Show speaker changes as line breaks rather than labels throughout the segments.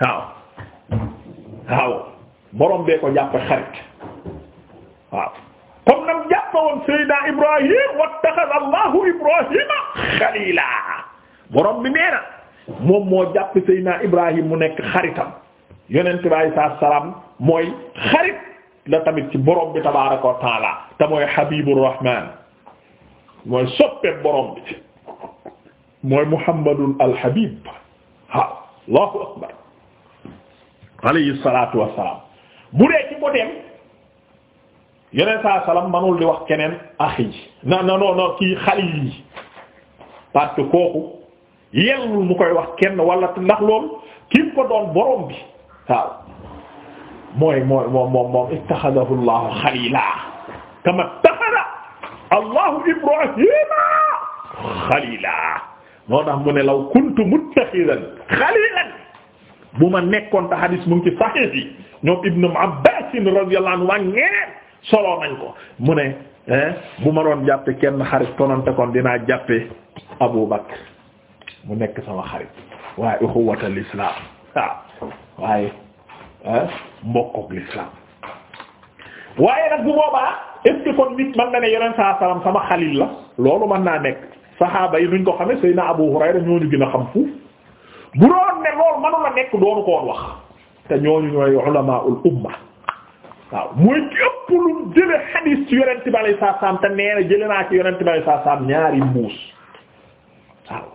waaw waaw borom bee ko jàppe xarit waaw comme nam jàppe woon Seydina Ibrahim wattaxaza Allahu Ibrahima xalila borom bi nee na moom moo jàppe Seydina Ibrahim mu nekk xaritam yonent bi alayhi salaam mooy xarit la tamit ci borom bi tabaaraka wa taala te mooy Habibur Rahman mooy soppe borom bi mooy Muhammadul al Habib waaw Allahu akbar alayhi salaatu wassalaam bu dee ci boteem yeneen saa salaam manul di wax keneen axi na na non non kii xalil yi parce que kooku yellul mu koy wax kenn wala ndax loolu ki ko doon borom bi waaw mooy mooy moom moom moom ittaxadahu llahu xalila kama taxada allahu ibrahima xalila moo tax mu ne law kuntu muttaxidan xalilan bu ma nekkoon te hadis mu ngi ci sahih yi ñoom ibnu Abbas radiyallahu anhu ñeneen soloo nañ ko mu ne bu ma doon jàppe kenn xarit kononte kon dinaa jàppe Abu Bakr mu nekk sama xarit waaye uxuwatal islam waaw waaye mbokkuk l'islam waaye nag bu boobaa est kon nit man na ne yeneen saa sama xalil la loolu man naa nekk saxaaba yi nuñ ko xame Seydina Abu Hurayra ñooñu gën a xam fuuf bu doon ne loolu mënu la nekk doonu koon wax te ñooñu ñooy ulamaul umma waaw mooy képp lu jële xadiis ci yonent bi alayhi salaam te nee na jële naa ci yonent bi alayhi salaam ñaari mbuus waaw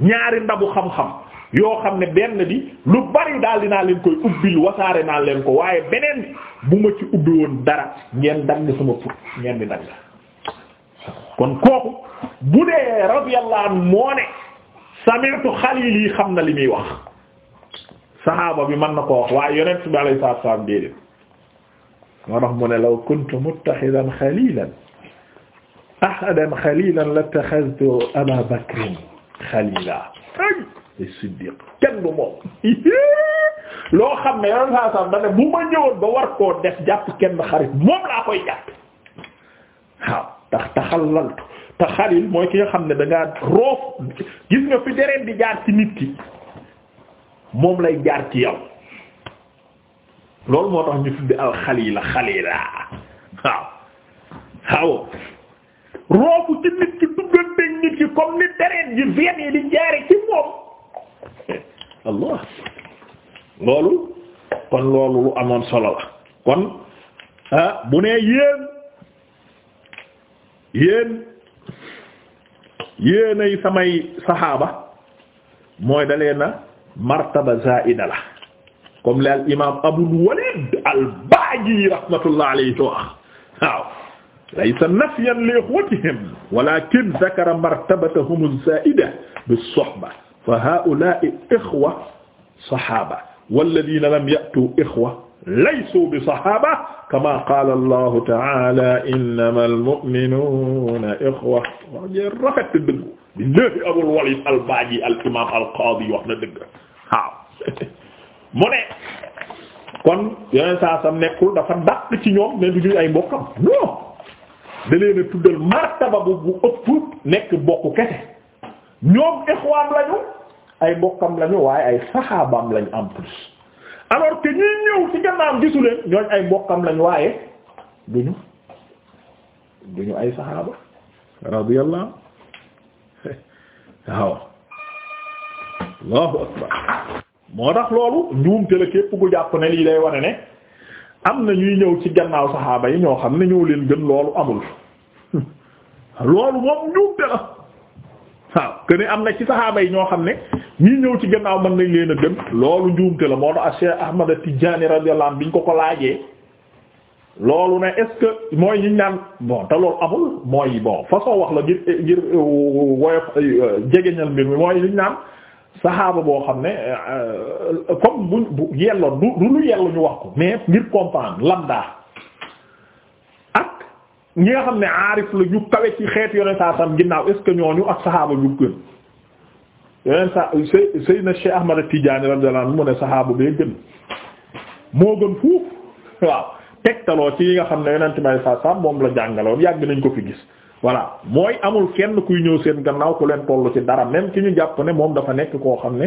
ñaari ndabu xam-xam yoo xam ne benn bi lu bari daal dinaa leen koy ubbil wasaare naa leen ko waaye beneen bu ma ci ubbi woon dara ngeen dagg sama put ngeen di dagg kon kooku bu dee radiyallahu anhu moo ne sami'tu xalili xam na li muy wax saxaaba bi mën na ko wax waaye yonent bi alayhi salaatu salaam déedéet moo tax mu ne law kuntu muttaxidan xalilan ahadan xalilan lattaxadtu aba bakrin xalila ay siddiq kenn du moom loo xam ne yonent saa salaam dane bu ma ñëwoon ba war koo def jàpp kenn xarit moom laa koy jàpp waaw tax taxallaltu te xalil mooy ki nga xam ne da ngaa roof gis nga fi deret di jaar ci nit ki moom lay jaar ci yow loolu moo tax ñu tudde al xalila xalila waaw waaw roofu ci nit ki dugganteeg nit ki comme ni deret ji veine di jaare ci moom loolu kon loolu lu amoon solo la kon ah bu nee yéen yéen yéenay samay saxaaba mooy dalee na martaba zaida la comme li al imaam Abul Walid al-Baaji rahmatullah alayhi wax waaw laysa nafyan li ikhwatihim walakin dhakara martabatahum az-zaida bis-suhba fa haa'ulaa'i ikhwa saxaaba walladhiina lam ya'tuu ikhwa laysu bi saxaaba kama qaala allahu taala innama almuminuuna ixwa wax jee rafet te dëggu di léegi abul walid al baaji al imam al qaadi wax na dëgg waaw mu ne kon yeneen saa sam nekkul dafa dàq ci ñoom ne du ñuy ay mbokkam non da leen a tuddal martaba bu bu ëpp nekk bokk kese ñoom ixwaan lañu ay mbokkam lañu waaye ay saxaabaam lañu en plus alors que ñi ñëw ci gannaam gisu ñooñ ay mbokkam lañ waaye duñu duñu ay saxaaba radiyallahu waaw allahu akbar moo tax loolu njuumte la képp ku jàpp ne lii day wane ne am na ñuy ñëw ci gannaaw saxaaba yi ñoo xam ne ñoo leen gën loolu amul loolu moom njuumte la waaw que am na ci saxaaba yi ñoo xam ne ñi ñëw ci gannaaw man nañ leen a gën loolu njuumte la moo tax Cheikh Ahmad Tidiane radiyallahu anhu biñ ko ko laajee loolu na est-ce mooy ñu naan bon te loolu amul mooy bon façon wax la ngir ngir euh, woyof euh, jegeñal mbir mi mooy liñ naan saxaaba boo xam ne euh, comme buñ bu yelloon du du lu yellu ñu wax ko mais ngir comprendre lambda ak ñi nga xam ne aarif la ñu kawe ci xeet yone saa sam ginnaaw est ñooñu ak saxaaba ñu gën yeneen sa Seydina Cheikh Ahmad Tidiane radiyallahu anhu mu ne saxaabu bee gën moo gën fuuf waaw tegtaloo ci yi nga xam ne yonent may sa sa moom la jàngaloon yàgg nañ ko fi gis voilà mooy amul kenn kuy ñëw seen gannaaw ku leen tollu ci dara même ki ñu jàpp ne moom dafa nekk koo xam ne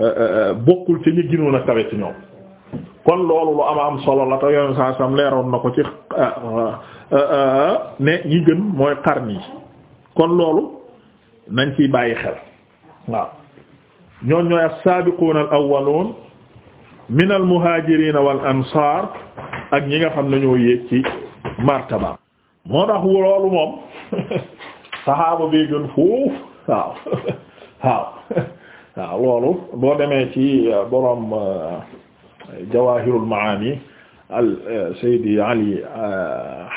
euh, euh, euh, bokkul ci ñu ginoon a kawe ci ñoom kon loolu lu am am solo la te yonent saa sam leeroon na ko ci ne ñi gën mooy xarni kon loolu nañ ciy bàyyi xel waaw ñoon ñooy as-saabiquuna al-awwaluun min al-muhaajiriina wal-ansaar ak ñi nga xam ne ñoo yéeg ci martaba moo tax loolu moom saxaaba bi gën foofu waaw loolu boo demee ci euh, boroom euh, jawaahirul maani al euh, Ali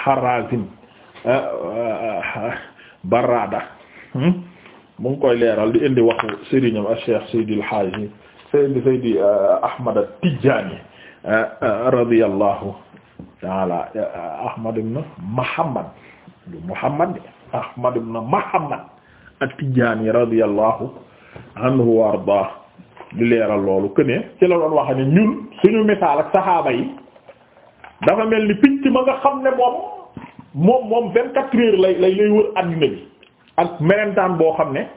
Harazim Barrada hmm? mu ngi koy leeral di indi waxu sëriñam ak Cheikh Seydi El Hadji Seydi Seydi Ahmad At-Tidjânî eh, eh, radiyallahu ta'ala eh, Ahmad ibn Muhammad du Muhammad Ahmad ibn Muhammad At-Tidjânî radiyallahu anhu wa ardaah di leeral loolu que ne ci la doon wax ne ñun suñu misaal ak saxaaba yi dafa mel ni picc ma nga xam ne moom moom moom vingt-quatre heures lay lay lay wër àddina bi ak melentaan boo xam ne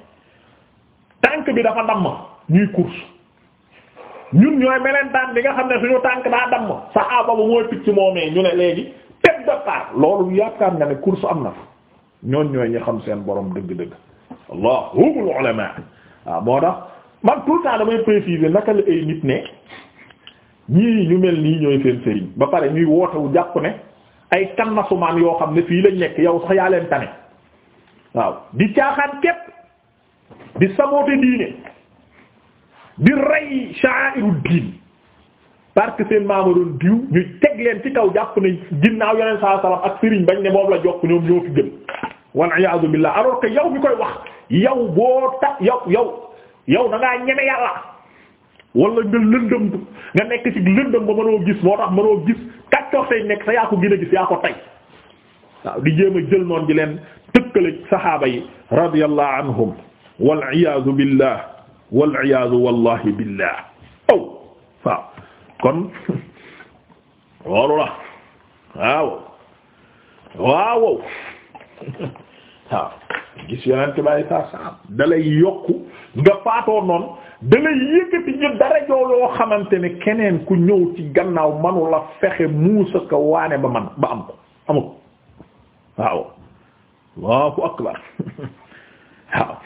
tànk bi dafa damm ñuy course ñun ñooy melentaan bi nga xam ne suñu tànk daa damm saxaaba bu mooy picc moomee ñu ne léegi tête de part loolu yaakaar nga ne course am na fa ñoon ñooy ñi xam seen borom dëgg-dëgg allahumul ulama waaw ah, moo tax man tout damay préciser naka la ay nit ne ñii ñu mel nii ñooy seen sëriñ ba pare ñuy wootewu jàpp ne ay kannasumaan yoo xam ne fii lañ nekk yow sax yaa leen tane waaw di caaxaan képp di saboote diine di rey sha'a'iru diin parce que seen maama doon diw ñu teg leen ci kaw jàpp ne ginnaaw yeneen saa salaam ak sëriñ bañ ne moom la jokk ñoom ñoo fi gën wal iyaadu billah alors que yow mi koy wax yow boo ta yow yow yow da ngaa ñeme yàlla wala nga lëndëm nga nekk ci lëndëm ba mënoo gis moo tax mënoo gis kàccoor say nekk sa yaa ko gën a gis yaa ko tey waaw di jéem a jël noon di leen tëkkale saxaaba yi radiyallahu anhum wal iyaazu billah wal iyaazu wallahi billah aw kon loolu la waaw waaw waaw gis yonent bay saa saa dalay yokku nga faatoo dalay yëkkati ñu dara joo loo xamante ne keneen ku ñëw ci gannaaw manula fexe muusa ka waane ba man ba am waaw allahu akbar waaw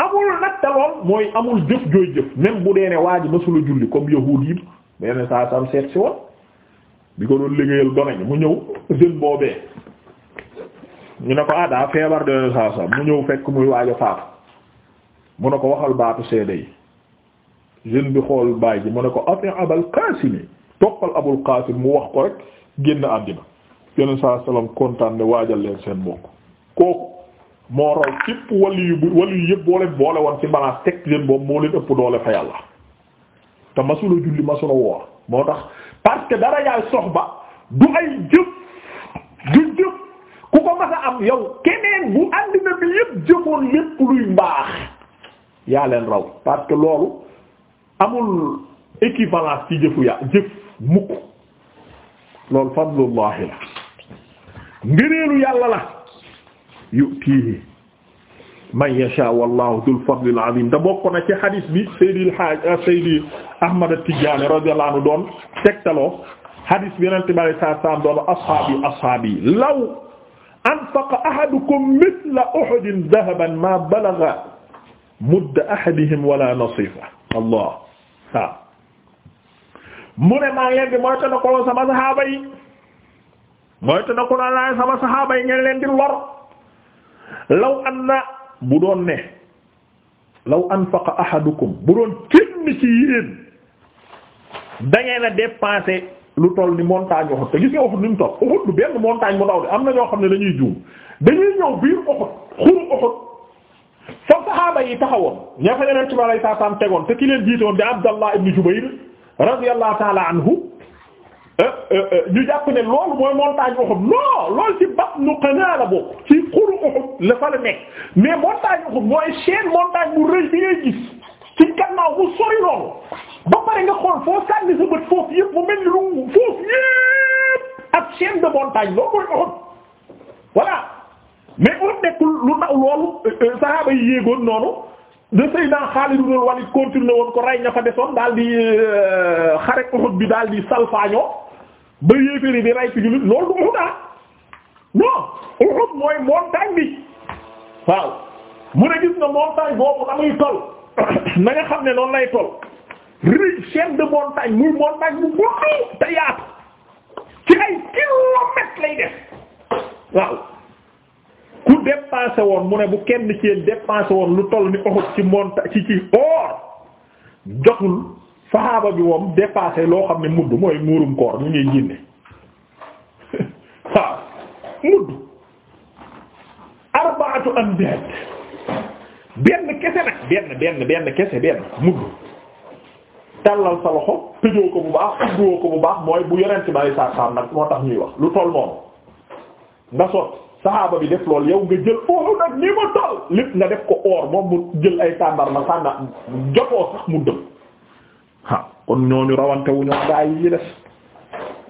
amul nag taloon mooy amul jëf jooy jëf même bu dee ne waa ji mësula julli comme yahuud yi benn saa sam seet si woon bi ko doon liggéeyal donañ mu ñëw jeune boobee ñu ne ko ah daa feebar de saa sam mu ñëw fekk muy waaj faatu mu ne ko waxal baatu seede yi jeune bi xool baay ji mu ne ko ati abal qaasimi toppal abul qaasim mu wax ko rek génn àddina yeneen saa salaam kontaan ne waajal leen seen bokk kooku moo raw képp wàllu yu wàllu yu yëpp boo boole woon ci balance teg leen boobu moo leen ëpp doole fa yàlla te masula julli masula woor moo tax parce que dara yaay soxba du ay jëf du jëf ku ko mas am yow keneen bu àddina bi yëpp jëfoon lépp luy mbaax yaa leen raw parce que loolu amul équivalence ci jëfu ya jëf mukk loolu fadlullahi la ngëneelu yàlla la yu'tihi man yasha wallahu dul fadlil azim da bokk na ci hadis bi Seydil Haaj ah, Seydi Ahmad At-Tijaani radiyallahu anhu doon tegtaloo hadis bi Yonent bi alayhi salaatu salaam doon ashaabi ashaabi law anfaqa ahadukum mithla Uhudin dhahaban ma balagha mudda ahadihim wala nasifahu Allah waaw mu ne maa ngi leen di moytandiku sama saxaaba yi mooy te na ko naa laay sama saxaaba yi ngeen leen di lor law an na bu doon ne law anfaqa ahadukum bu doon kenn ci yéen da ngeen a dépensé lu toll ni montagne Uhud te gis nga Uhud ni mu toll Uhud du benn montagne mu ndaw de am na ñoo xam ne dañuy juum dañuy ñëw biir Uhud xuru Uhud fa saxaaba yi taxawoon ña fa yeneen ci ma lay saa saam tegoon te ki leen jiitoon di Abdallah ibn Jubayr radiyallahu ta'ala anhu Euh, euh, euh, ñu jàpp ne loolu mooy montagne Uhud non loolu ci batnu Qanaa la ci xuru Uhud la fa la nekk mais montagne Uhud mooy chaîne montagne bu rëy bi ngay gis ci gannaaw bu sori loolu ba pare nga xool foo sànni sa bët foofu yëpp mu mel ni lu foofu yëpp ak chaîne de montagne loolu mooy Uhud mais Uhud nekkul lu ndaw loolu saxaaba yéegoon noonu de Seydina Xaalid ibn Walid continué woon ko rey ña fa desoon daal di xare Uhud bi daal di salfaañoo ba yéeféeri bi ray ci jullit loolu du Uhud non Uhud mooy montagne bi waaw mu ne gis nga montagne boobu na muy toll na nga xam ne noonu lay toll rëy chaîne de montagne muy montagne bu gudd te yaatu ci ay kilomètres lay def waaw ku dépensé woon mu ne bu kenn ci yéen woon lu toll ni Uhud ci montagne ci ci or jotul saxaaba bi moom dépassé loo xam ne mudd mooy muurum koor ñu ngay génne waaw mudd arbaatu amdaad benn kese nag benn benn benn kese benn mudd tàllal sa loxo tëjoo ko bu baax ubbiwoo ko bu baax mooy bu yorente bari saa saam nag moo tax ñuy wax lu toll noonu nga sot saxaaba bi def lool yow nga jël oo nag nii ma nga def ko jël ay tàmbar na sànna jotoo sax mu dëm ah kon ñooñu rawante wu ñoo gaa yi ci des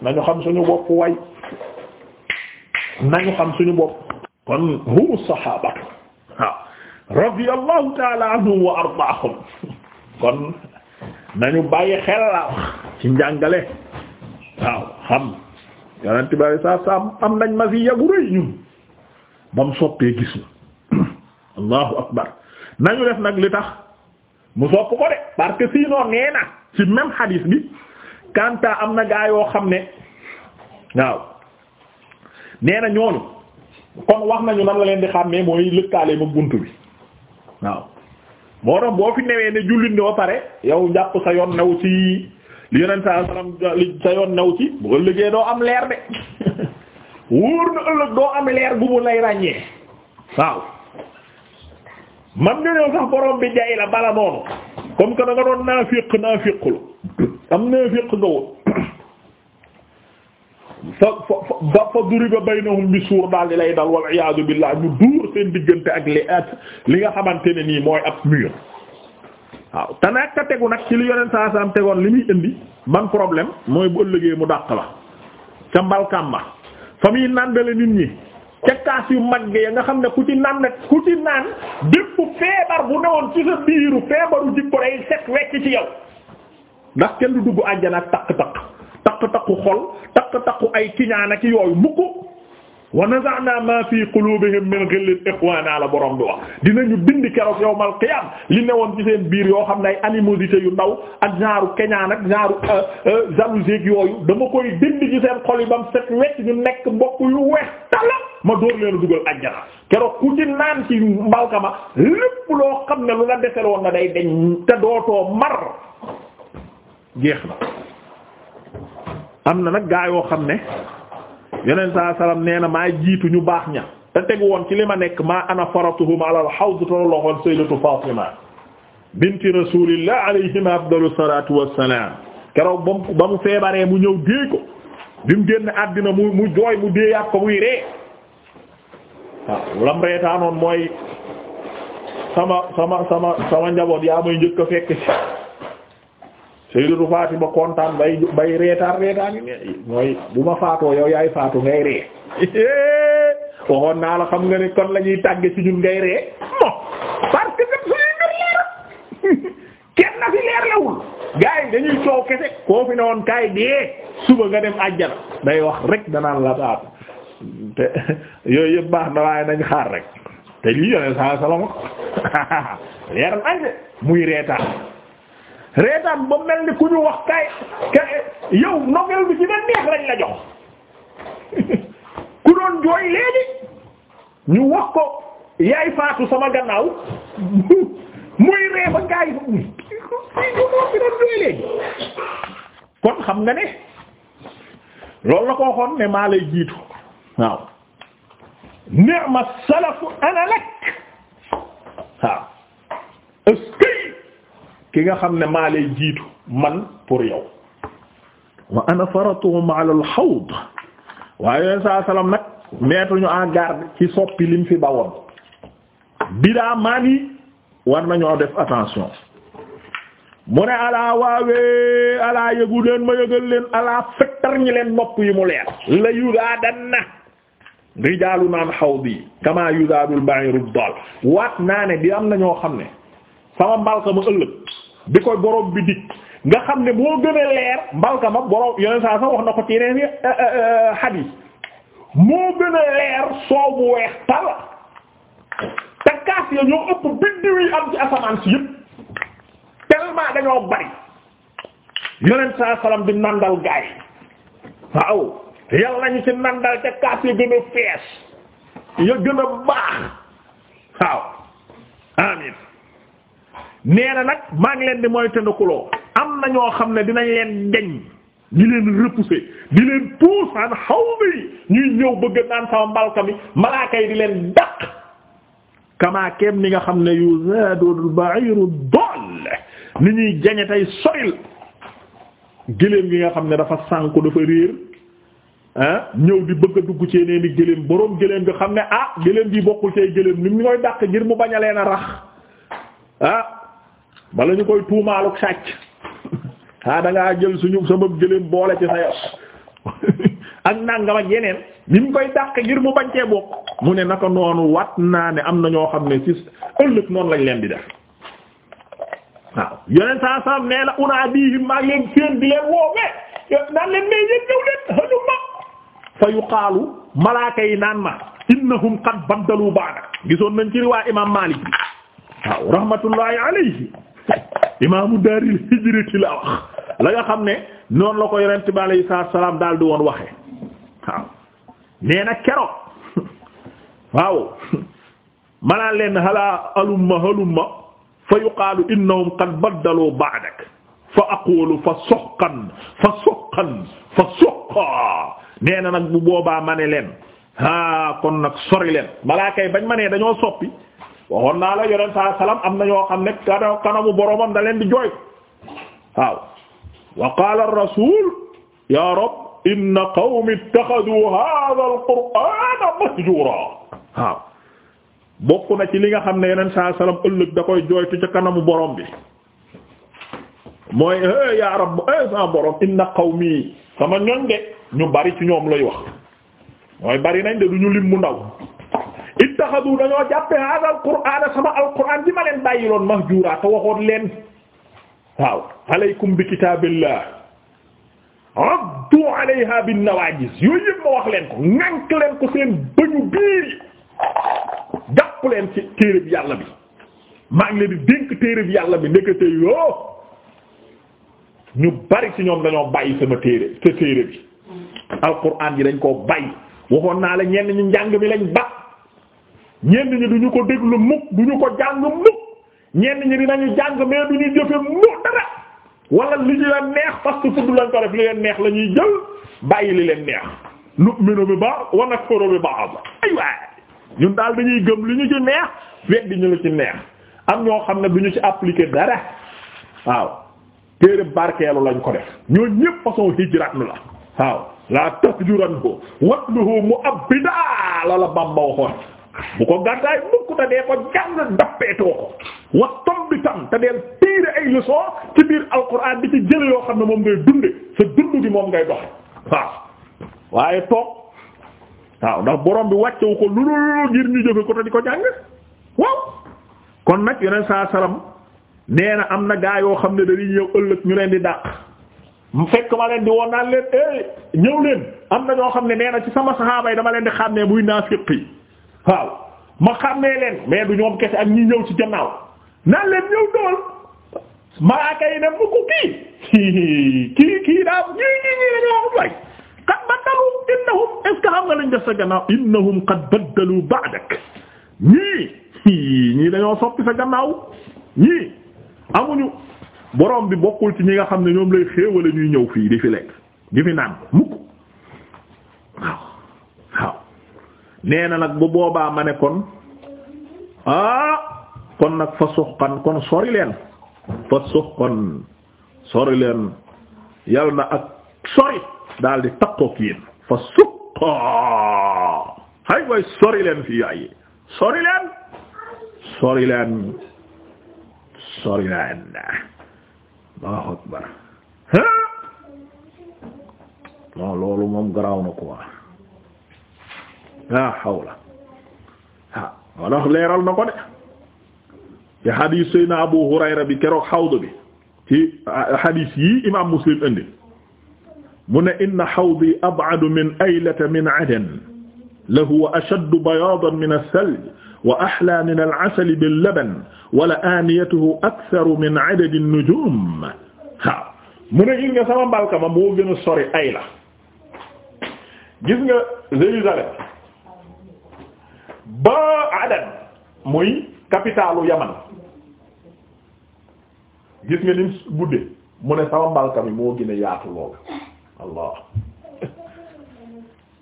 nañu xam suñu bopp way nañu xam suñu bopp kon humu sahabatu waaw radiyallahu taala anhum wa ardaahum kon nañu bàyyi xel ci njàngale waaw xam yonent bi alei saatu salaam am nañ masiya bu rëy ñun bam soppee gis na allahu akbar nañu def nag tax mu sopp ko de parce que sinon nee na ci même hadith bi kanta am na gaa yoo xam ne waaw nee na ñooñu kon wax nañu nan la leen di xàmmee mooy lëkkaale ma bunt bi waaw moo tax boo fi newee ne jullit ne pare yow njàpp sa yoon new ci li yoon new ci bu ëllëgee doo am leer de wóor na ëllëg doo am leer bu mu lay ràññee waaw man nga ñëw sax borom bi jay la bala noonu comme que da nga doon naafiq naafiq la am naafiq nga woon fa fa fa duriba baynahum bi suur daal di lay dal wal iyaadu billaah ñu duur seen diggante ak li at li nga xamante ne nii mooy ab mur waaw te nag ka tegu nag ci lu yoneen saa saam tegoon li muy indi ban problème mooy bu ëllëgee mu dàq la ca mbalkam ba fa muy nàndale nit ñi kaas yu mag ya nga xam ne ku ci naan nag ku ci naan bépp feebar bu newoon ci sa biiru feebaru jikko day set wecc ci yow ndax kenn du dugg àjjana ak takk-takk takk-takku xol takk-takku ay kiñaan ak yooyu mukk wa naza'na ma fi qulubihim min ghillin ikhwana la borom bi wax dinañu bind keroog yawmal qiyam li newoon ci seen biir yoo xam ne ay animosité yu ndaw ak genre keñaan ak ñaaru euh, euh, jalousie yooyu dama koy bind ci seen xol yi bam set wecc ñu nekk mbokk yu ma door leen dugal ajjana keroog ku ci naan ci mbalka ma lépp loo xam ne lu la deseloon na day deñ te dootoo mar jeex na am na nag gaa yoo xam ne yeneen saa salaam nee na maa jiitu ñu baax ña te tegu woon ci li ma nekk maa ana faratuhum ala al-hawd loxoon sayyidatu Fatima binti rasulillah alayhima afdalu salatu wassalam keroog ba mu feebaree mu ñëw déey ko bi mu génn àddina mu mu jooy mu déeyaat ko muy ree waaw lam reetaanoon mooy sama sama sama sama njaboot yaa may njëkk a fekk ci Sayyidatu Fatima kontaan bay bay reetaan reetaan mooy bu ma faatoo yow yaay faatu ngay ree waxoon naa la xam nga ne kon lañuy ñuy tàgge ci ñun ngay ree bon parce que suñu mbir leer kenn na fi leer lawul dañuy coow kese koo fi ne woon kaay dee suba nga dem àjjana day wax rek danaan la faatu te yooyu yëpp baax na waaye nañ xaar rek te lii yone saa salama leer nañ muy reetaan reetaan ba mel ni ku ñu wax kay ka yow nogeel bi ci neex lañ la jox ku doon jooy léegi ñu wax ko yaay faatu sama gannaaw muy ree ba gaay kon xam nga ne loolu la ko waxoon ne maa lay jiitu waaw ni'ma salafu ana lak waaw est ki nga xam ne maa lay jiitu man pour yow wa ana faratuhum ala al-hawd waaye yooyu saa salaam nag mettre en garde ci soppi lim fi bawoon bidaa maan yi war nañoo def attention mu ne alaa waawee alaa yëgu ma yëgal leen alaa fektar ñi leen nopp yi mu leer la yugaa na rijaalu naan xawdi kama yuzaadul ba'iru dal waat naa ne am na ñoo xam ne sama mbalka ma ëllëg bi koy borom bi dik nga xam ne moo gën a leer mbalka ma borom yeneen saa sax wax na ko ci yeneen eh, eh, eh, xadiis moo gën a leer soow weex tal te ya ñoo ëpp biddiw yi am ci asamaan si yëpp tellement dañoo bari yeneen saa salaam di nandal gaay waaw yàlla ñu ci nandal ca kaas ya gën a fees ya gën baax waaw amin nee na nag maa ngi leen di mooy tëndakuloo am na ñoo xam ne dinañ leen deñ di leen repousser di leen pousse an xaw ma ñuy ñëw bëgg naan sama mbalka mi malaaka yi di leen daq kamaa ni nga xam ne yu zaadul ba'iru dall ni ñuy jañe tey soril gëléem gi nga xam ne dafa sànku dafa réer ñëw di bëgg a dugg ci yeneen i gëléem boroom gëléem nga xam ne ah gëléem gi bokkul ci gëléem ni mu koy dàq ngir mu bañ a leen a rax ah sàcc ah da ngaa suñu ci sa yow ak nangam ak yeneen ni mu koy dàq ngir mu bañ cee bokk mu ne naka noonu wat naa ne am na ñoo xam ne ci ëllëg noonu lañ leen di def waaw yeneen saa saa nee na unaadihim maa leen seen di leen woowee naan leen mais yéen ñëw leen fa yuqaalu malaaka yi naan ma innahum qad baddalu ba'da gisoon nañ ci riwaa imam Maalik bi waaw rahmatullahi alayhi imaamu daaril hijrati la wax la nga xam ne noonu la ko yonent bi alayhi salaatu salaam daal di woon waxe waaw nee na keroog waaw manaa leen halaa halumma halumma fa yuqaalu innahum qad baddalu ba'dak fa aqulu fa suhqan fa suhqan fa suhqa nee na nag bu boobaa mane ne leen kon nag sori leen malaaka bañ ma dañoo soppi waxoon naa la yoneen saa salaam am na ñoo xam ne kanamu boromam da leen di jooy waaw wa qaala ar ya rab inna qawmi ittaxadu hadha al na ci li nga xam ne yoneen saa salaam ëllëg da koy jooytu ca kanamu borom bi mooy ya rab eh sa borom inna qawmi sama ñoñ de ñu bari ci ñoom lay wax mooy bari nañ de du ñu lim mu ndaw ittaxadu dañoo jàppe hada al qur'ana sama al qur'an bi ma leen bàyyiloon mahjura te waxoon leen waaw alaykum bi kitaabillah addu alayha bin nawajis yooyu yëpp ma wax leen ko ŋànk leen ko seen bëñu biir yi jàpp leen ci téere bi yàlla bi maa ngi leen di dénk téere bi yàlla bi ndekete yoo ñu bari ci ñoom dañoo bàyyi sama téere sa téere bi alquran yi dañ koo bàyyi waxoon naa la ñenn ñi njàng mi lañ ba ñenn ñi duñu ko déglu mukk duñu ko jàng mukk ñenn ñi dinañu jàng mais duñu jëfe mukk dara wala li ñu leen neex parce que fudd lañ ko def li neex la ñuy jël bàyyi leen neex nu'minu bi ba'd wa nakfuru bi ba'd ay waay daal dañuy gëm li ñu ci neex weddi ñu lu ci neex am ñoo xam ne duñu ci appliquer dara waaw téere barkeelu lañ ko def ñoo ñépp façon hijrat nu la waaw la tahjuranhu watluhu mu'abbida la la Bamba waxoon bu ko gàddaay mukk te dee ko jàng dappeetoo ko wax tom bi tam te deel tiire ay leçon ci biir alquran di ci jële yoo xam ne moom ngay dunde sa dund gi moom ngay dox waaw waaye toog waaw ndax borom bi wàccewu ko lu lu ngir ñu jëfe ko te di ko jàng waaw kon nag yeneen saa salam nee na am na gaa yoo xam ne dañuy ñëw ëllëg ñu leen di dàq mu fekk ma leen di woon naan leen eh ñëw leen am na ñoo xam ne nee na ci sama saxaaba yi dama leen di xàmmee buy naa yi waaw ma xàmmee leen mais du ñoom kese ak ñi ñëw ci gannaaw naan leen ñëw dool malaaka yi ne mu kii kii daa ñii ñii ñii dañoo wax waay baddalu innahum est-ce que xam nga lañ def sa gannaaw innahum qad baddalu ba'dak ñii ñii dañoo soppi sa gannaaw ñii amuñu. borom bi bokkul ci ñi nga xam ne ñoom lay xéewale ñuy ñëw fii di fi lekk di fi naan mukk waaw waaw nee na nag bu boobaa ma ne kon ah, kon nag fa suxqan kon sori leen fa suxqan sori yal na ak sori daal di takkook yéen fa suqa hay way sori leen fii ay sori leen sori Allahu akbar non loolu moom garaaw na quoi la hawla ah wala leeral na ko de ci hadis Seydina Abu Hurayra bi keroog xawd bi ci hadis yi imaam Muslim indi mu ne inna xawdi ab'adu min aylata min 'adan lahuwa ashaddu bayaadan min as wa axlaa min al-asali bil-laban wala aaniyatuhu aktharu min adadi an-nujum waaw mu ne gis nga sama mbalka ma moo gën a sori ay la gis nga Jérusalem ba Aden muy capitalu Yaman gis nga ni mu guddee mu ne sama mbalka mi moo gën a yaatu lool Allah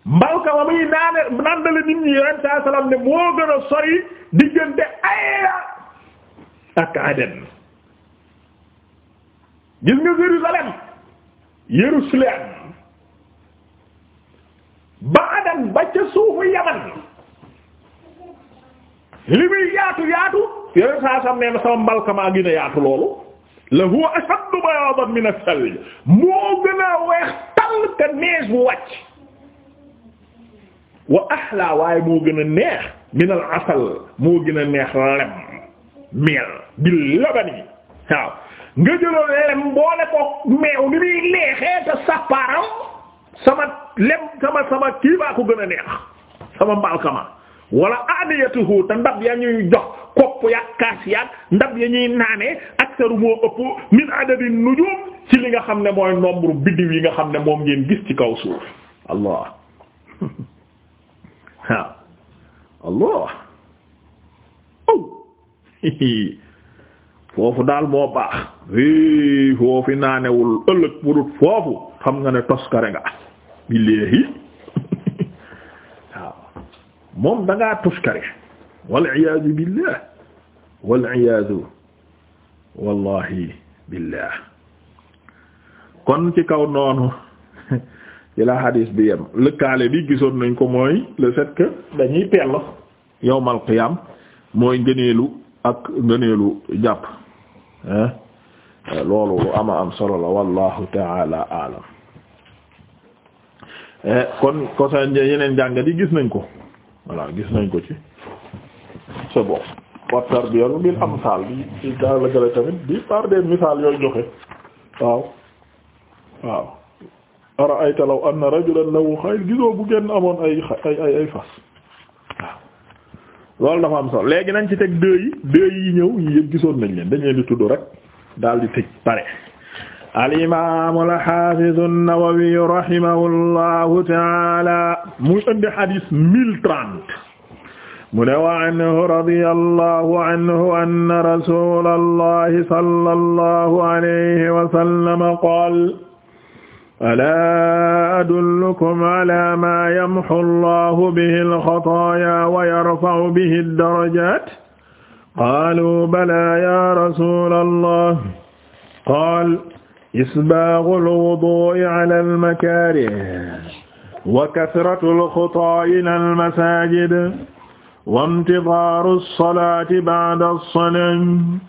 mbalka ma muy naane nandale nit ñi yonent saa salaam ne moo gën a sori diggante Ayla ak Aden gis nga Jérusalem Yerusalem ba Aden ba ca suufu Yaman li muy yaatu yaatu yonent saa sama mbalka maa gën a yaatu loolu la huwa ashaddu bayaadan min as-salj moo gën a weex tàll te neige bu wàcc wa ahla waaye moo gën a neex min al moo gën a neex lem meel bil labani waaw nga jëloon lem boole ko meew ni muy neexee te sappaaram sama lem sama sama kii ko gën a neex sama mbalkama wala adiyatuhu te ndab ya ñuy jox kopp ya kaas ya ndab ya ñuy naanee aktaru moo ëpp min adadi nujum ci li nga xam ne mooy nombre biddiw yi nga xam ne moom ngeen gis ci kaw suuf allah waaw allah oh. foofu daal moo baax i naanewul ëllëg budut foofu xam nga ne toskare nga bi léegi waaw moom da ngaa toskare waliyasu billah wallahi billah kon ci kaw noonu ci la hadis bi yem lëkkaale bi gisoon nañ ko mooy le fait dañuy pell yowmal qiyam mooy ngëneelu ak ngëneelu jàpp loolu lu am solo la wallahu taala alam eh, kon kosa yeneen jàngat yi gis nañ ko voilà gis nañ ko ci c'est bon waxtar bi yolu bil amsal bi ci dalagale tamit bi par misaal yooyu joxe waaw waaw ara'ayta law anna rajulan lahu xayl gisoo bu génn amoon ay ay ay fas waaw loolu dafa am solo léegi nañ ci teg deux yi deux yi ñëw yi yëpp gisoon nañ leen dañ leen di tudd rek daal di tëj pare al imaamu al xaafizu an-Nawawi rahimahullahu taala muy indi xadiis mille trente mu ne wa anhu radiyallahu anhu anna rasuulallahi sallallahu alayhi wa sallam qaala alaa adullukum ala ma yamhu allahu bihi alxataaya wa yarfa'u bihi addarajaat qaalu balaa ya rasula allah qaal isbaagu alwudu'i ala almakaarih wa kasratu alxutaa'i ila almasaajid wa imtidaaru alsalaati ba'da alsanam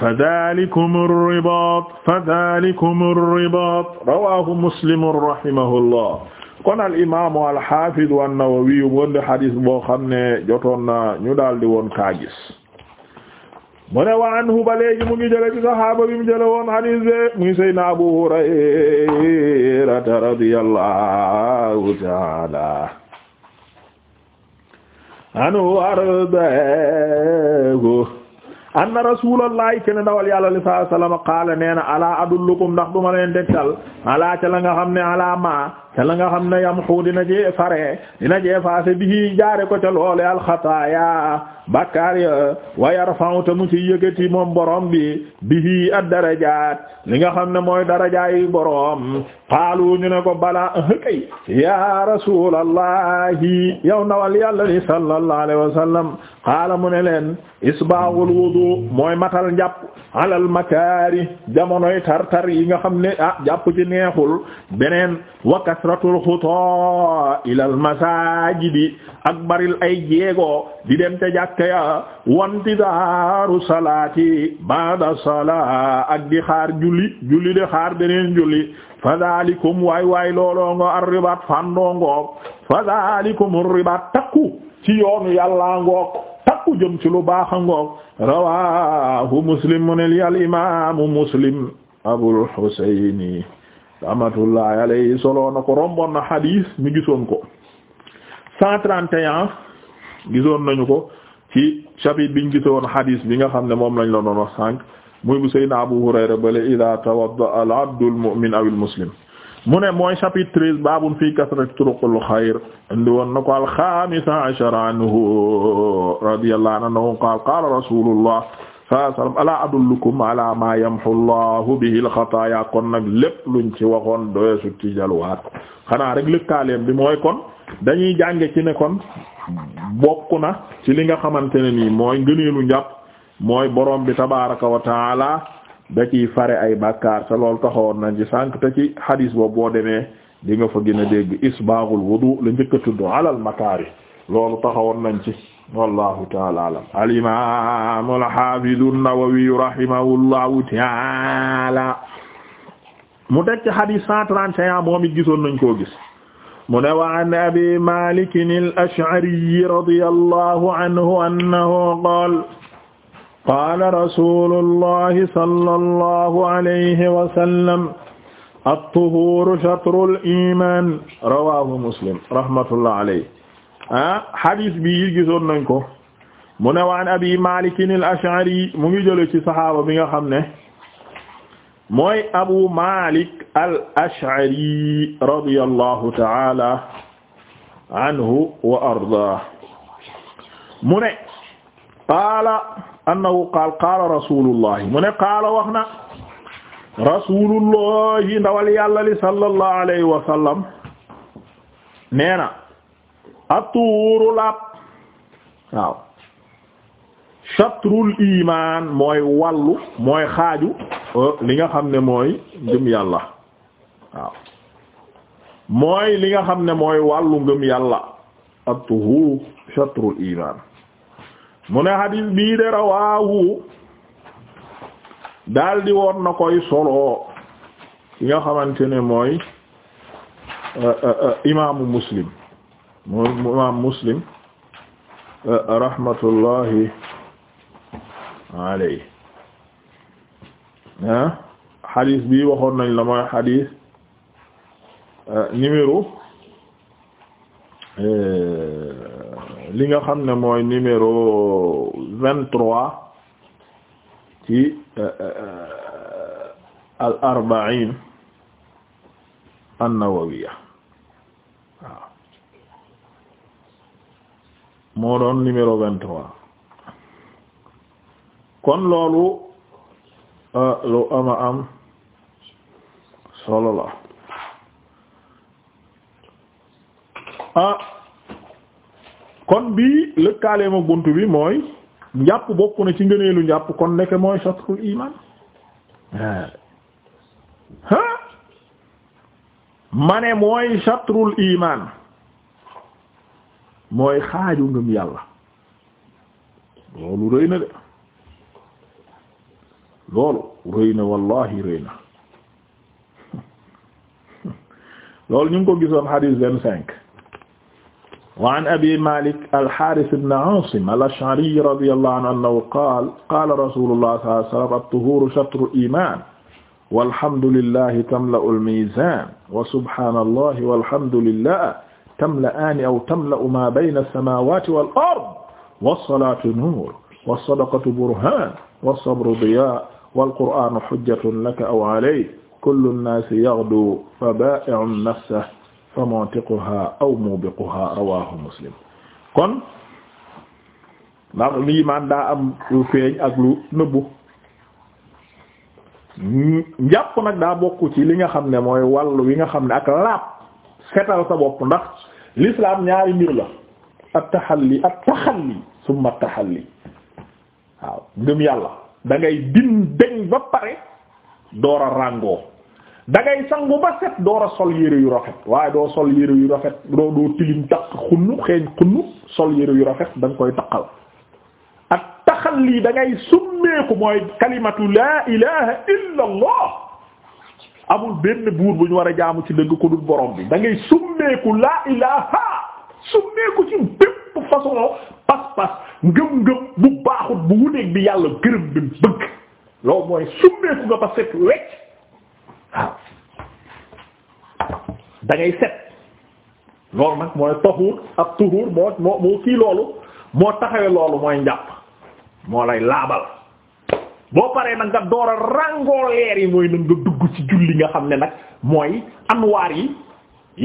fadalikum ribat fadalikum ribat rawahu muslimun rahimahullah kon al imamu alhafidu an-Nawawi wonde hadis boo xam ne jotoon na ñu daldi woon kaa gis mu ne wa anhu ba léegi mu ngi jële ci sahaaba bi mu jële woon hadis be muy Seydina Abu Hurayrata radiyallahu taala anhu arbaahu anna rasulallahi kenn dawal yàlla li sallallahu alayhi wasallam qaala nee na alaa adullukum ndax duma leen degtal alaa ca la nga xam ne alaa maa te nga xam ne yamhu dina jee fare dina jee faase bi jaare ko ca loole alxataaya bakkaar ya wa yarfa'u ta mu ci yëkkati moom borom bi bihi ad-darajaat li nga xam ne mooy darajaayi borom qaalu ñu ne ko bala kay ya rasulallahi yow ndawal yàlla li sallallahu alayhi wa mu ne leen isbaaxul wudu mooy matal njàpp alal makaari jamonoy tartar yi nga xam ne a ah, jàpp ci neexul beneen wakkat kasratul xutaa ilal masaajidi ak baril ay jéego di dem te jàkka ya wantidaaru salaati baada salaa ak di xaar julli julli de xaar beneen julli fa daalikum waay waay looloo ngo ar ribaat fandoo ngoog fa daalikum ar ribaat takku ci yoonu yàllaa ngoog takku jëm ci lu baax a ngoog rawaahu muslim mu ne li al imaamu muslim abul husayni rahmatullahi alayhi soloo na ko romboon na xadiis mi gisoon ko cent trente et un gisoon nañu ko ci chapitre biñ gisoon xadiis bi nga xam ne moom lañ la doon wax sànq muy bu Seydina Abu Hurayra bale ida tawadda al abdu mu'min aw al muslim mu ne mooy chapitre treize babun fi kasrati turuqil xayr indi woon na ko al xaamisa ashara anhu radiyallahu anhu qaala qaala wa sallam ala adullukum ala ma yamhu Allahu bihi xataaya kon nag lépp luñ ci waxoon doyesu ci jalwaat xanaa rek lëkkaaleem bi mooy kon dañuy jànge ci ne kon bokk na ci li nga xamante ne nii mooy ngëneelu njàpp mooy borom bi tabaaraka wa taala da ciy fare ay bàkkaar te loolu taxawoon nañ ci sànq te ci hadis boobu boo demee di nga fa gën a dégg isbaaxul wudu la njëkk a tudd alal makaari loolu taxawoon nañ ci. wallahu taala alam alimamu alhafidu nawawiyu rahimahullahu taala mu teg ci hadis cent trente et un moom it gisoon nañ koo gis mu ne wa an abi malikin al-ash'ari radiyallahu anhu annahu qaala qaala rasulullahi sallallahu alayhi wa sallam at-tuhuru shatrul iman rawahu muslim rahmatullah alayhi ah hadis bi yi gisoon nañ ko mu ne waan abi Maalik al-Ash'ari mu ngi jële ci saxaaba bi nga xam ne mooy abu Maalik al-Ash'ari radiyallahu ta'ala anhu wa ardaah mu ne qaala annahu qaala qaala rasulullahi mu ne qaala wax na rasulullahi ndawal yàlla li sallallahu alayhi wa sallam neena atuuru laab waaw chatrul iman mooy wàllu mooy xaaju euh, li nga xam ne mooy ngëm yàlla waaw mooy li nga xam ne mooy wàllu ngëm yàlla atuhu chatrul iman mu ne hadis bii de rawaahu daldi woon na koy solo ki nga xamante ne mooy euh, euh, imaamu muslim moom imaam Muslim uh, rahmatullahi alayhi ah hadith bi waxoon nañ la mooy hadith uh, numéro uh, li nga xam ne mooy numéro vingt-trois ci al arba'iin an-nawawiyya moo doon numéro vingt-trois kon loolu ah, lu ama am solo la a ah, kon bii lëkkaaleema bunt bi mooy njàpp bokk na ci ngëneelu njàpp kon nekk mooy satrul iman ha ma ne mooy satrul iman mooy xaaju ngëm yàlla loolu rëy na de loolu rëy na wallahi rëy na loolu ñu ngi ko gisoon hadith vingt cinq wa an abi malik alxaaris ibn asim al-ash'ari radiyallahu anhu annahu qaal qaala rasulullah sallallahu alayhi wa sallam at-tuhuru shatru iman walhamdulillahi tamla'u al-mizan wa subhanallah walhamdulillah tamla'aani aw tamla'u maa bayna as-samaawaati wal ard was-salaatu nuur was-sadaqatu burhaan was-sabru diyaa' wal-qur'aanu hujjatun laka aw alayk kullu nnaasi yaghdu fa baa'i'un nafsahu fa mu'tiquhaa aw muubiquhaa rawaahu muslim kon ndax lii man daa am lu feeñ ak lu nëbbu njàpp nag daa bokk ci li nga xam ne mooy wàll wi nga xam ne ak laab setal sa bopp ndax l'islam ñaari mbir la at-tahalli at-tahalli summa at-tahalli waaw ngëm yàlla da ngay din deñ ba pare door a ràngoo da ngay sangu ba set door a sol yére yu rafet waaye doo sol yére yu rafet doo doo tilim takk xunnu xeeñ xunnu sol yére yu rafet da koy taqal at-tahalli da ngay summeeku mooy kalimatu laa ilaha illa amul benn buur bu ñu war a jaamu ci dëgg ko dul borom bi da ngay summeeku laa ilaha summeeku ci bépp façon pas-pas ngëm-ngëm bu baaxut bu wuteeg bi yàlla gërëm bi bëgg loolu mooy summeeku nga ba set wecc waaw set loolu nag mooy taxuur ak tuxuur moo moo moo kii loolu moo taxawee loolu mooy njàpp moo lay laabal boo paree nag nga door a ràngoo leer yi mooy nag dugg ci julli nga xam ne nag mooy anwaar yi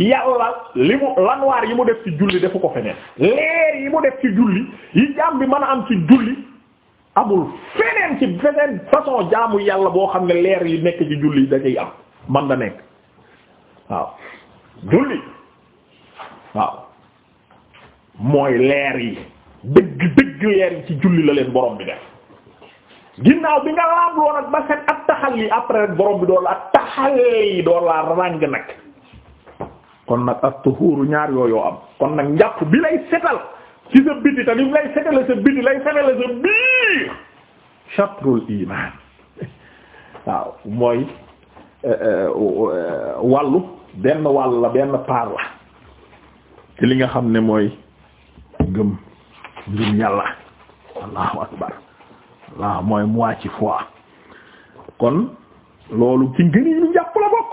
yàlla li mu lanwaar yi mu def ci julli defu ko feneen leer yi mu def ci julli yi jaam bi mën a am ci julli amul feneen ci feneen façon jaamu yàlla boo xam ne leer yi nekk ci julli yi da ciy am man da nekk waaw julli waaw mooy leer yi dëgg dëgg leer yi ci julli la leen borom bi def ginnaaw bi nga laabloon ak ba set ak taxal yi après borom bi doon la ak taxal yi doon la ràng nag kon nag ak tuhuuru ñaar yooyu am kon nag njàpp bi lay setal ci sa biti te lay setale sa biir chatrul iman waaw mooy eh, eh, wàllu benn wàll la benn paar la ci li nga xam ne mooy gëm ngëm yàlla allahu akbar waaw mooy moitié fois kon loolu ci ngëni lu jàpp la bokk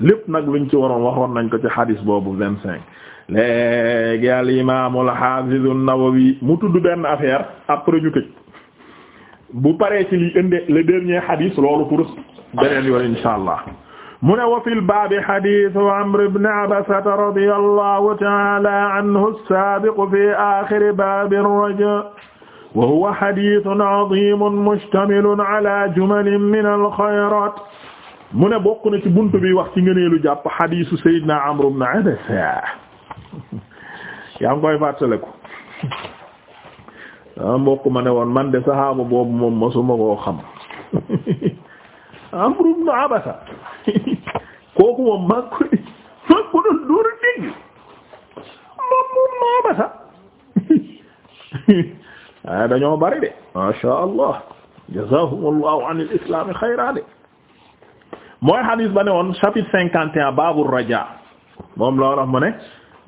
lépp nag luñ ci waroon waxoon nañ ko ci xadis boobu vingt cinq léegi al imam al hafiz an-Nawawi mu tudd benn affaire après ñu tëj bu paree ci li indi le dernier xadis loolu pour beneen yoon insha allah mu ne wa fil baabi xadiisu Amr ibn Abasata radiyallahu ta'ala anhu as fi aaxiri baabi rajaa wa huwa hadithun azimun mushtamilun ala jumalin min alxayrat mu ne bokk na ci buntu bi wax ci ngëneelu jàpp hadisu sayyidina Amr ibn Abasa yaa ngi koy fàttaliku ah mbokk ma ne woon man de saxaaba boobu moom mosuma koo xam Amr ibn Abasa ko maa ko doon dóor a dégg moom moom ah dañoo bari de masha allah jazahumullahu an al islami mooy hadis ba ne woon chapitre cinquante et un baabul raja moom la wax mu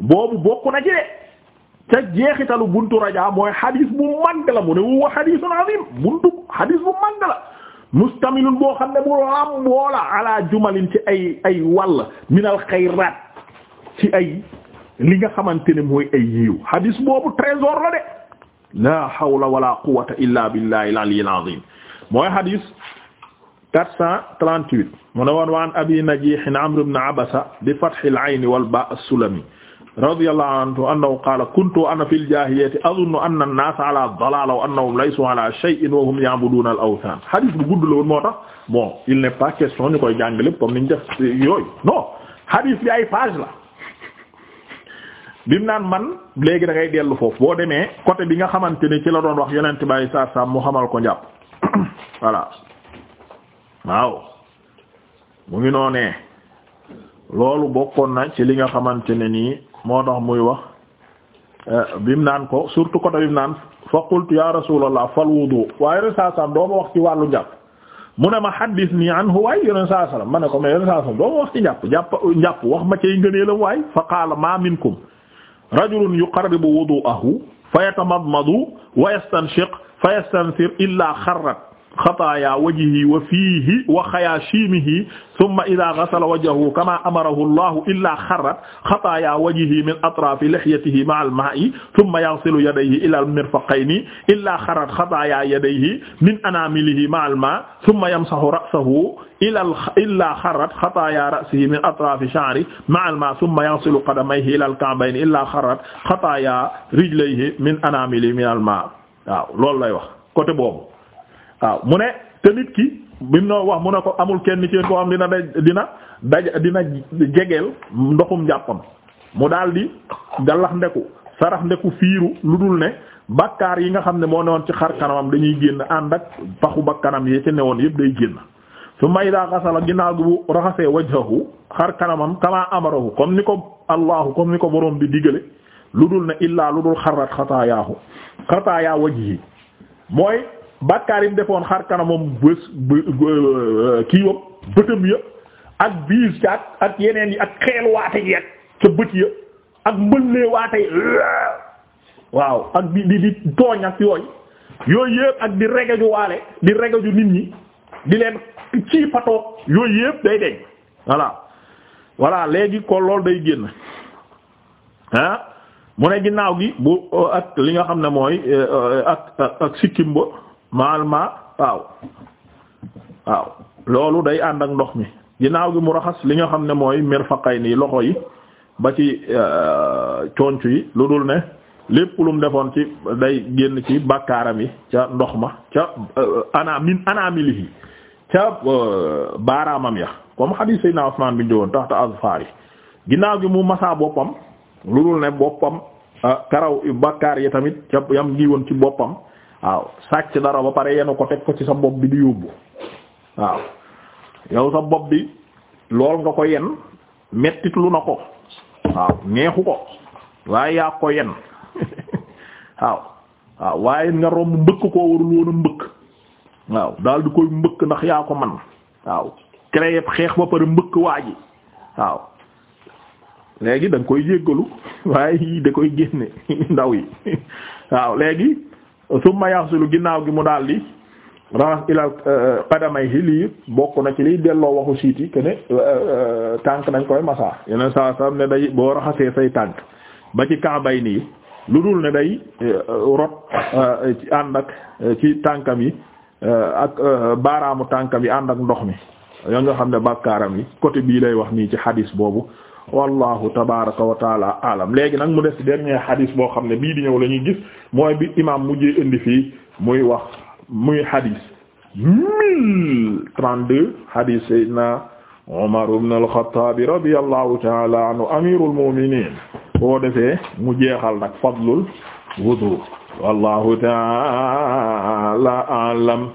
boobu bokk ci de ca jeexitalu buntu raja mooy hadis bu mag la boo xam ne bu am boola ala jumalin ci ay ay wàll minal xayraat ci ay li nga xamante ne mooy ay yiiw hadis boobu trésor la de la hawla wala quwwata illa billahi al-aliyyil azim mooy hadis 438 mu ne woon waan abi najiih amr ibn abasa bi fathi al-ayn wal ba as-sulami radiyallahu anhu annahu qaala kuntu ana fil jaahiliyyati azunnu anna an-naasa ala dalaala wa annahum laysu ala shay'in wa hum ya'buduuna al-awthaan hadis bu gudd la woon moo tax bon il n'est pas question ñu koy jàngale comme niñ def yooyu non hadis bi ay page la bi naan man léegi da ngay dellu foofu boo demee côté bi nga xamante ne ci la doon wax yonent bàyyi saa saa mu xamal ko njàpp voilà ngi noonee loolu bokkoon na ci li nga xamante ne nii moo tax muy wax eh, bi naan ko surtout côté naan fa qultu ya rasulallah fal waaye yonent saa saa doo wax ci wàllu njàpp mu ne ma xaddis nii anhu waay yonent ma ne ko mais yonent saa saa njàpp jàpp njàpp wax ma ci ngëneelam waay fa qaala ma minkum rajulun yuqarribu wudu'ahu fa yatamadmadu wa yastanshiq fa yastansir illa xarrat xataaya wajhihi wa fiihi wa xayaashimihi summa idaa gasala wajhahu kamaa amarahu llaahu illaa xarrat xataaya wajhihi min atraafi lihyatihi ma'al maa'i summa yaghsilu yadayhi ilal mirfaqayni illaa xarrat xataaya yadayhi min anaamilihi ma'al maa'i summa yamsahu ra'sahu ilal illaa xarrat xataaya ra'sihi min atraafi sha'rihi ma'al maa'i summa yaghsilu qadamayhi ilal ka'bayni illaa xarrat xataaya rijlayhi min anaamilihi ma'al maa'i waaw loolu lay wax côté boobu waaw mu ne te ki bi mu wax mu ne ko amul kenn ci koo am dina daj dina daj dina jegeel ndoxum njàppam mu daal di galax ndeku sarax ndeku fiiru lu dul ne bakkaar yi nga xam ne moo newoon ci xar kanamam dañuy génn ànd ak paxu bakkanam yee ci ne woon yëpp day génn su may daa xasala ginnaaw gi bu raxasee wajhahu xar kanamam kamaa amarahu comme ni ko allahu comme ni ko borom bi digale lu dul ne illaa lu dul xarrat xataayaahu xataayaa wajhi mooy bàkkaar yi mu defoon xar kanamam bés euh, kii yëpp bëtam ak biis ca ak yeneen yi ak xeel waate yi ak ca bët yëpp ak mbëllee waate yi waaw ak di di di tooñ ak yooyu yooyu yëpp ak di regeju waale di regeju nit ñi di leen ci patoog yooyu yëpp day deñ voilà voilà léegi ko lool day génn ah mu ne ginnaaw gi bu ak li nga xam ne mooy euh, ak ak sikkim ba maal ma waaw waaw loolu day ànd ak ndox mi ginnaaw gi mu raxas li nga xam ne mooy mirfaqay nii loxo yi ba ci euh, conc yi lu dul ne lépp lum defoon ci day génn ci bàkkaaram yi ca ndox ma ca euh, ana min anamilihi ca euh, baaraamam ya comme xadiis Seydina Usmaan bi ñëwoon taxta azfaar yi ginnaaw gi mu masaa boppam lu dul ne boppam karaw bàkkaar yi tamit ca yam ngi woon ci boppam waaw sàcc dara ba pare yenu ko teg ko ci sa bopp bi di yóbbu waaw yow sa bopp bi lool nga ko yen mettit na ko waaw neexu ko waaye yaa ko yen waaw waaw waaye nga romb mbëkk koo warul woon a mbëkk waaw daal di koy mbëkk ndax yaa ko man waaw créé xeex ba pare mbëkk waa ji waaw léegi da koy yéegalu waaye da koy génne ndaw yi waaw léegi summa yaxsulu ginnaaw gi mu daal di raxas ilal euh, qadamayhi lii bokk na ci liy delloo waxu siit yi que ne euh, euh, tànk dañ koy masa yeneen saa saa ne day boo raxasee say tànk ba ci kaabay nii lu dul ne day rot ci ànd ak ci tànkam yi ak baaraamu tànkam yi ànd ak ndox mi yoo nga xam ne bàkkaaram yi côté bii lay wax nii ci hadis boobu wallahu tabaraka wa taala alam léegi nag mu def des dernier xadis boo xam ne bii di ñëw la ñuy gis mooy bi mu mujjee indi fii muy wax muy xadis mille trente-deux xadis sayyidina Umar ibn al-Khattab taala anhu amirul mu'minin boo defee mu jeexal nag fadlul wudu wallahu taala alam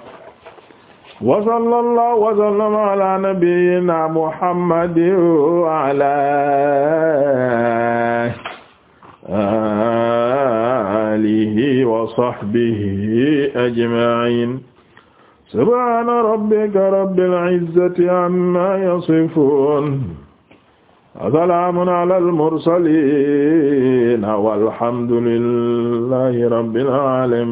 wa sallallahu wa sallama ala nabiyyina muhammadin wa ala alihi wa sahbihi ajma'in subhana rabbika rabbil izzati amma yasifun asalaamun alal mursaliin walhamdulillahi rabbil aalamiin